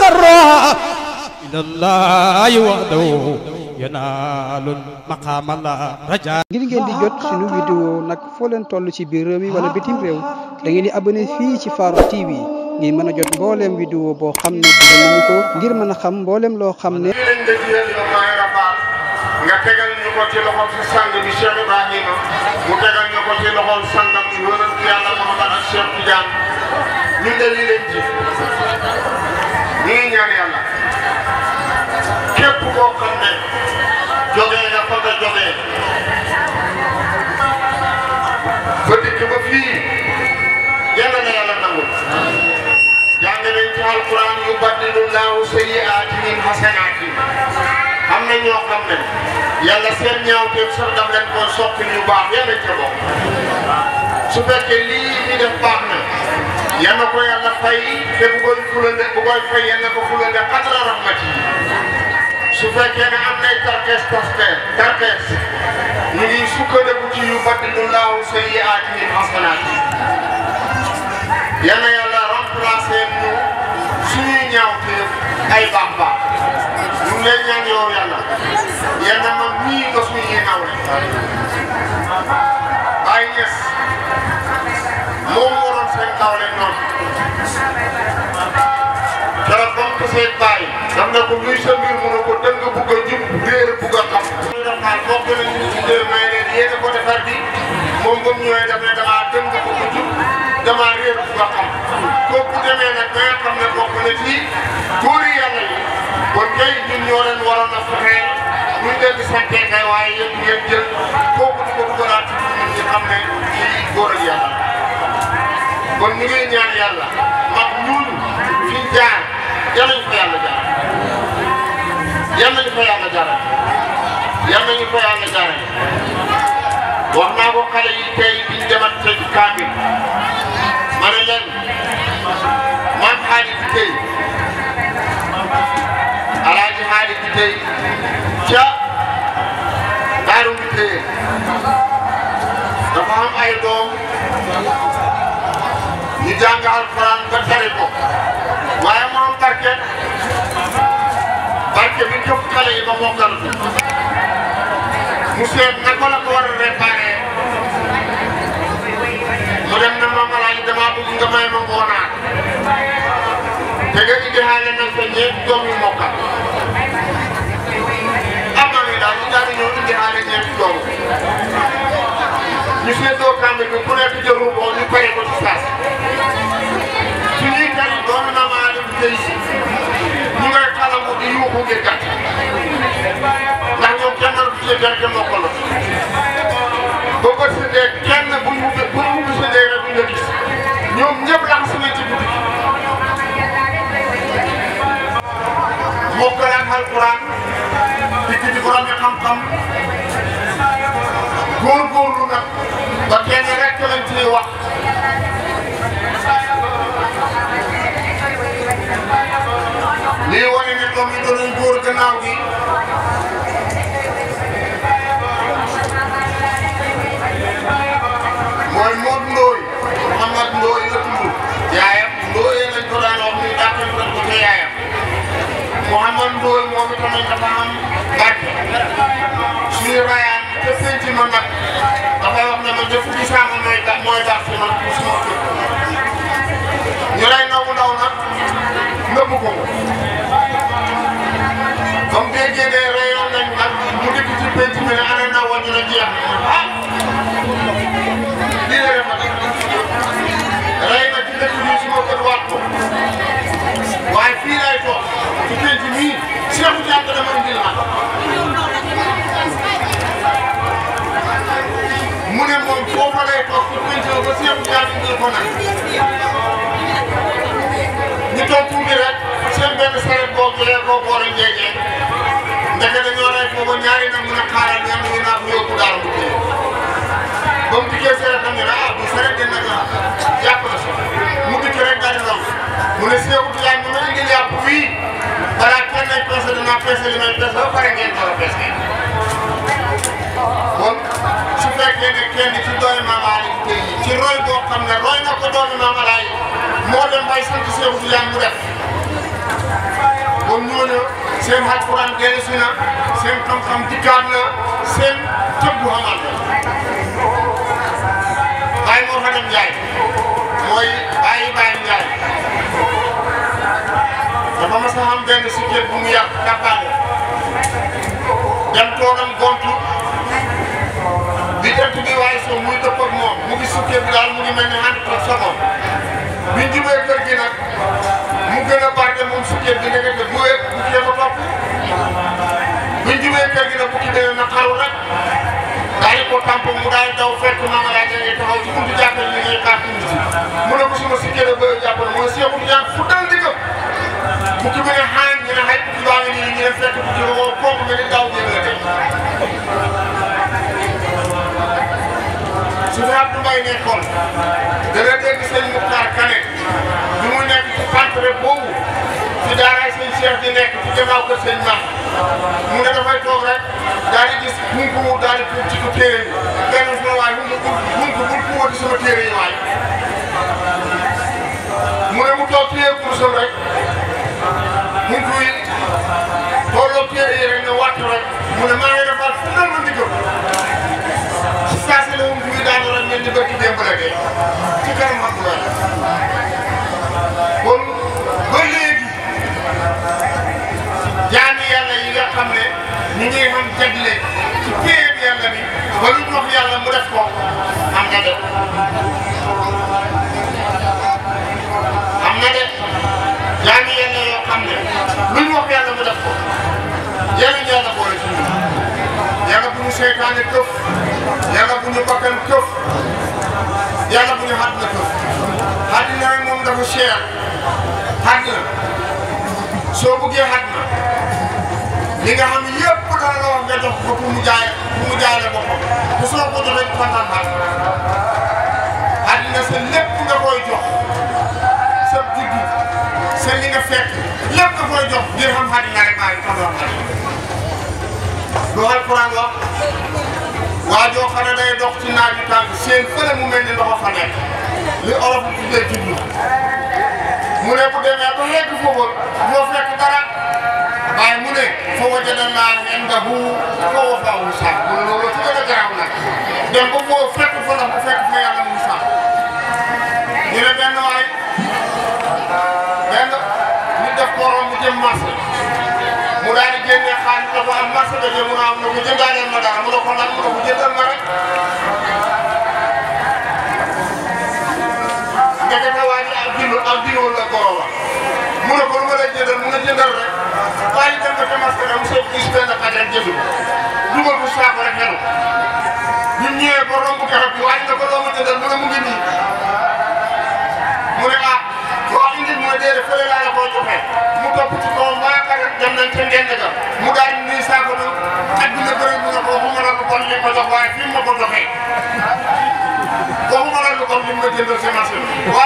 تقرى إلى الله وحده yanaalul maqaama la raja ngir ngeen di jot suñu vidéo nag foo leen toll ci biir réew mi wala bitim réew da ngeen di abonné fii ci Farokh TV ngir mën a jot mbooleem vidéo boo xam ne dinañ ko ngir mën a xam mbooleem loo xam ne leen da jiyéen la maay rabaal nga tegal ñu ko ci loxol si sang bi Cheikh Ibrahima mu tegal ñu ko ci loxol sangam wëral yàlla Muhammad ak Cheikh Tidiane ñu dali leen ci ñii ñaan yàlla képp koo xam ne jógee nga fa nga jógee ba dikk ba fii yàlla na yàlla nangu jàng nañ ci alquran yu baddilu laahu sayyi'aatihim hasanaatihim am na ñoo xam ne yàlla seen ñaawteef sax daf leen koy soppi yu baax yàlla ca bokk su fekkee lii ñu def baax na. yal na ko yàlla fay te bu koy fulande bu koy fay yal na ko fulande xatala rahmati su fekkee ne am nay tarkees tarkees tarkees ñu ngi sukkandiku ci yu baddilu laaw sayyi'aatihim hasanaat yal na yàlla remplacer ñu suñuy ñaaw teef ay baax baax ñu ngi lay ñaan yow yàlla yal na man mii nga suñuy ay ñes moom moo doon seen nawle noonu keroog ba mu tasee na ko luy sa mbir mu ne ko dëng bugg a jub réer bugg a xam ñu def xaar bokk na ñu ci dër may leen yéen a ko defar bi moom ba mu ñëwee daf ne damaa dëng bugg a jub damaa réer bugg a xam kooku demee nag ba nga ne bokk na ci góor yi yàlla yi kon ñoo leen waroon a fexee ñu leen di sant waaye yéen ngeen jël kooku di ko dugalaat ci xam ne ci góor ak yàlla kon ñu ngi ñaan yàlla mag ñun fi jaar yàlla ñu fa yàlla jaar yàlla ñu fa yàlla jaral yàlla ñu fa yàlla yi tey biñ demat sa kaamil ma ne leen maam xaalis bi tey alaaji xaalis bi tey ca daaru ay doom jàng alxuraan nga tere ko waaye moom barke barke bi jëf xale yi ba mokkal mu seet naka la ko war a mu dem ma laaj damaa bëgg nga ma koo naan te nga indi xaale nag sa ñeent doom yu ñu seetloo kàddu gi ku nekk jëru ko ñu pare ko ci saas suñuy kat doomu na maa leen tey si ñu ngay xalamu di yuuxu ngir kat ndax ñoom kenn du ci gerte mbokk la boo ko seetee kenn buñ mu buñ mu gisee rek duñ la gis ñoom ñëpp lax si nañ ci guddi mokkal ak alquran di ci di borom xam-xam góor góor nag ba kenn rek lañ ciy wax. lii wane ne comme ni doon góor gannaaw gi. mooy Modou Ndoye Mouhamed Ndoye la tudd yaayam Ndoye lañ ko daan wax ni dàqal ko ko yaayam Mouhamed Ndoye moom itam dafa am gàcce suñu te sëñ bi ma nag dafay wax ne ma jëf bi mooy tax mooy tax ci man pour sama kër ñu rey ndaw mu ndaw nag nëbbu ko comme déggee mu dikk ci penc bi ne ana ndaw wa ñu jëlee ko boole njeeje ndeke dañoo rey foofu ñaari na mun a xaaral ñoom ñu naan yóbbu daal mu téye ba mu dikkee seeret xam ne ah, bu seeret gën na gaaw yàpp la si mu dikk rek daal di raw mu ne ne indil yàpp wii balaa kenn nañ peese dinaa peese li may peese ba pare ngeen fekkee ne kenn ci doomi Maam Aliou Guèye yi ci roy boo xam ne roy na ko doomi Maam Aliou moo dem bay sant Seydou Diagne mu def. kon ñooñu seen alquran dellusi na seen xam-xam dikkaat na seen tëbbu xamaat na. Baye Mor Fadam Ndiaye mooy Baye Baye Ndiaye dafa mas a xam benn sujet bu mu yàgg jàppaale dem toogam gontu di ëtt bi waaye soo muy dëpp ak moom mu ngi sujet bi daal mu ngi mel ni ànd ak sa bopp biñ jubee kër gi nag. gën a bàggee moom sukkeen bi nga def mu wépp bu ci dem a topp buñ jubee kër gi nag bu ci demee na xaru rek daal di ko tampon mu daal daw fekk maama laa jëlee taxaw ci buntu jàppal ni ngay xaar tuuti mu ne ko suma sukkeen a bëri jàppal mu ne seexul jàng fu dal di ko mu ci mën a xaan ñu ne xaj bu ci baa ngi nii ñu ne fekk bu ci woo kooku nga ne daw jéem la tey su fi Abdou Mbaye ne xool gannaaw kër seen naam mu ne dafay toog rek daal di gis buntu daal di tuub ci ko téere bi kenn su ma waay buntu buntu buntu wati sama téere yi waay mu mu toog téye kursam rek buntu yi tolloo téere yi rek ne wàtt rek mu ne maa ngi defaat fu ne mën di gëm si saa si la buntu yi daal di rek ngeen di bëgg démb la dee ci kanam ñuy xam jagle ci péeb yàlla bi ba lu ñu wax yàlla mu def ko am na de am na de yaa ngi yenn yoo xam ne lu ñu wax yàlla mu def ko yàlla yàlla boole ci ñun yàlla bu ñu seytaane këf yàlla bu ñu bakkan këf yàlla bu ñu àddina këf àddina moom dafa cher àddina soo bëggee àddina li nga xam ne yëpp nga jox ko pour mu jaay pour mu jaale boppam bu soo ko joxee mu kontaan xaat lépp nga koy jox sa juddu sa li nga fekk lépp nga koy jox ngir xam àddina rek maa ngi kontaan xaat lu alquran wax day dox ci naaj yu tàng seen mu mel ni ndox fa nekk li olof tuddee juddu mu ne bu demee ba léegi foofu fekk Janganlah maa indahu koo fa Moussa mu ne loolu ci gën a garaaw nag dem ba foo fekk fa la mu fekk fa yàlla Moussa ñu ne benn waay benn nit def ko romb jëm marché mu daal di génne xaalis dafa am marché ba jëm mu am na ko ñaari tënk démasqué mu soog gis benn xajal jëndu dugal ko saako rek nelu ñun ñëwee ba romb garab bi waaye nga ba romb dëndal mu ne mu ngi nii mu ne ah wax indi mu ne déedéet fële laa la ko joxee mu topp ci kawam waa xajal dem nañ ca ngend ga mu daal di nuyu saako bi at bi nga bëri mu ne ko waxuma la lu bon li ma jox waaye fi mu ma ko joxee waxuma la lu bon li ma jëndal semence bi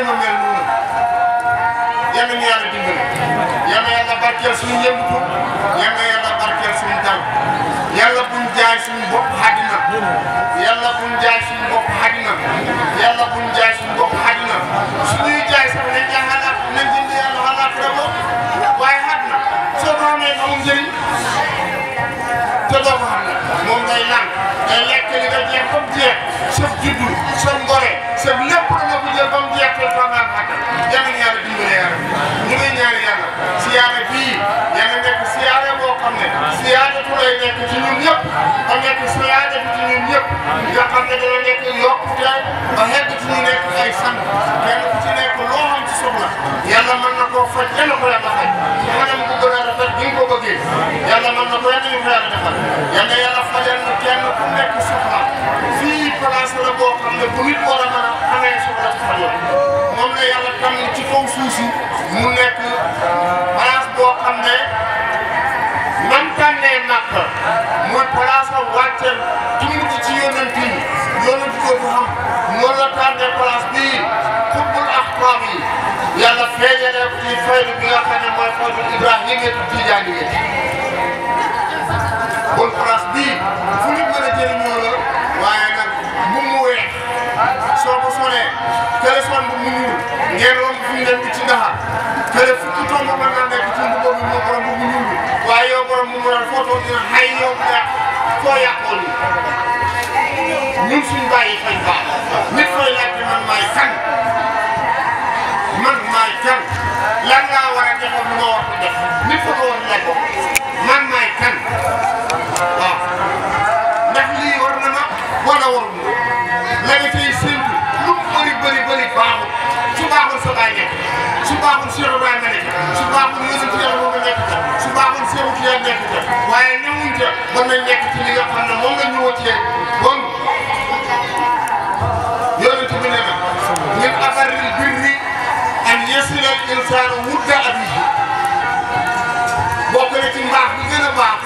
yéen a mel noonu yal nañu yàlla dimbali yal na yàlla barkeel suñu yëngatu yal na yàlla barkeel suñu dal yàlla buñ jaay suñu bopp àddina yàlla buñ jaay suñu bopp àddina yàlla buñ jaay suñu bopp àddina suñuy jaay sax dañ ca xalaat nañ jënd yàlla xalaat dama waaye àddina soo ko amee amul njëriñ te doo ko xam moom day naan day lekk li nga jeex comme jeex sax juddu या कहते रहे कि कि लोग के बहे कुछ नहीं ने ऐसा सन के कुछ ने को लो हम सोला याला मन ना को फजन को याला है मनम को गोला रफा दिन को बगे याला मन ना को याला नहीं याला रफा याला याला फजन के केन को ने को सोला fi place la boo xam ne bu nit war a mën a amee soxla ci fajoo moom la yàlla tam ci kaw suuf si mu nekk place boo xam ne man tànnee nàkk muy place am wàcceel Ibrahima ñetti Tijaan bii fu ñu mën a jëriñoo la waaye nag mu mu weex soo ko sonee téléphone bu mu ñuul ngeen doon fi mu nekk ci ndaxa kële fukki tomb mën naa nekk ci mbubb bi moo bu mu ñuul waaye yow borom mu mu photo dina xay yow mu yàq foo yàqoon ni ñun suñu bàyyi fañ baax fooy laajte man maay kan man maay kan lan defoo lu ma war a def nit ku ko war a defoo man maay kan waaw ndax lii war na ma wala warul ma la nga cay séntu lu bëri bëri bëri baaxul su baaxul sa baay nekk su baaxul Cheikh Ibrahima nekk su baaxul yéen ci yàlla moom la nekk ca su baaxul Cheikh ci yàlla nekk ca waaye newuñ ca mën na nekk ci li nga xam ne moom la ñu wóotee bon yoonu ci bi ne ma ñun affaire yu bëri an yasila al insaan wudda baax bi gën a baax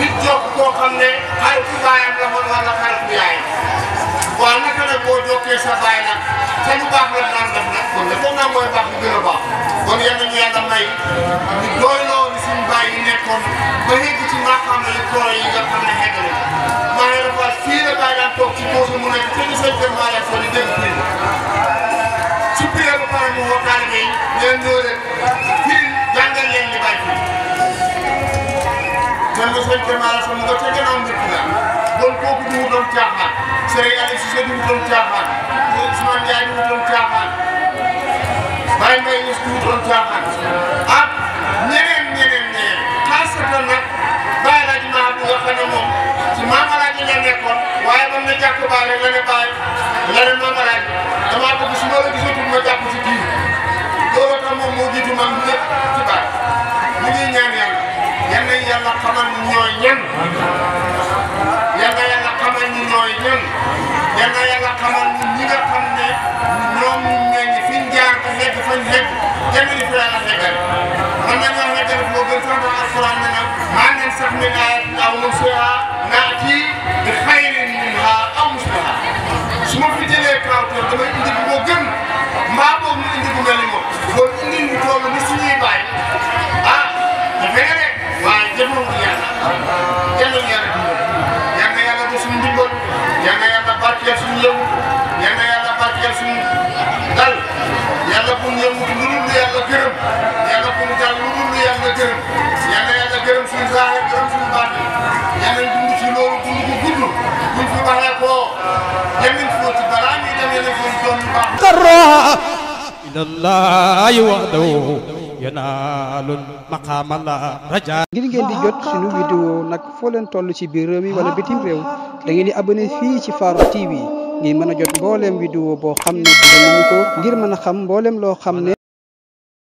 nit jokk koo xam ne xaritu baayam la woon wala xaritu yaayam waaw naka la boo jokkee sa baay nag te lu baax la daan def nag kon nag moom mooy baax bi gën a baax kon yal nañu yàlla may ñu doyloo li suñu baay yi nekkoon ba yegg ci maa xam ne tool yi nga xam ne xeetu la maa ngi rafetlu fii la baay toog ci kóosu mu nekk te ñu sëñ bi maa leen sori dégg fekke maanaam sama nga ca gànnaaw mbir mi daal kon kooku ñu ngi doon caaxaan Serigne Aliou Cissé ñu ngi doon caaxaan Ousmane Ndiaye ñu ngi doon caaxaan Baye Mbaye ñu ngi doon caaxaan ak ñeneen ñeneen ñeneen parce que nag Baye laaj maa bu nga xam ne moom ci maamalaaj la nekkoon waaye na jàpp Baye rek la ne Baye la ne maamalaaj damaa bëgg su ma la gisatul ma jàpp ci kii loolu tam moom moo jiitu man ñëpp ci Baye ñu ngi ñaan yàlla yal na yàlla xamal ñu ñooy ñan yal na yàlla xamal ñu ñooy ñan yal ni fi ñu jaar ba nekk fañ nekk kenn du fi yàlla nekkal man nag maa ngi leen sax mi aw mu suwaa naa kii تضرع إلى الله وحده yanaalul la raja ngir ngeen di jot suñu vidéo nag foo leen toll ci biir réew mi wala bitim réew da di abonné fii ci Farokh TV ngir mën a jot mbooleem vidéo boo xam ne dina ko ngir mën a xam mbooleem loo xam ne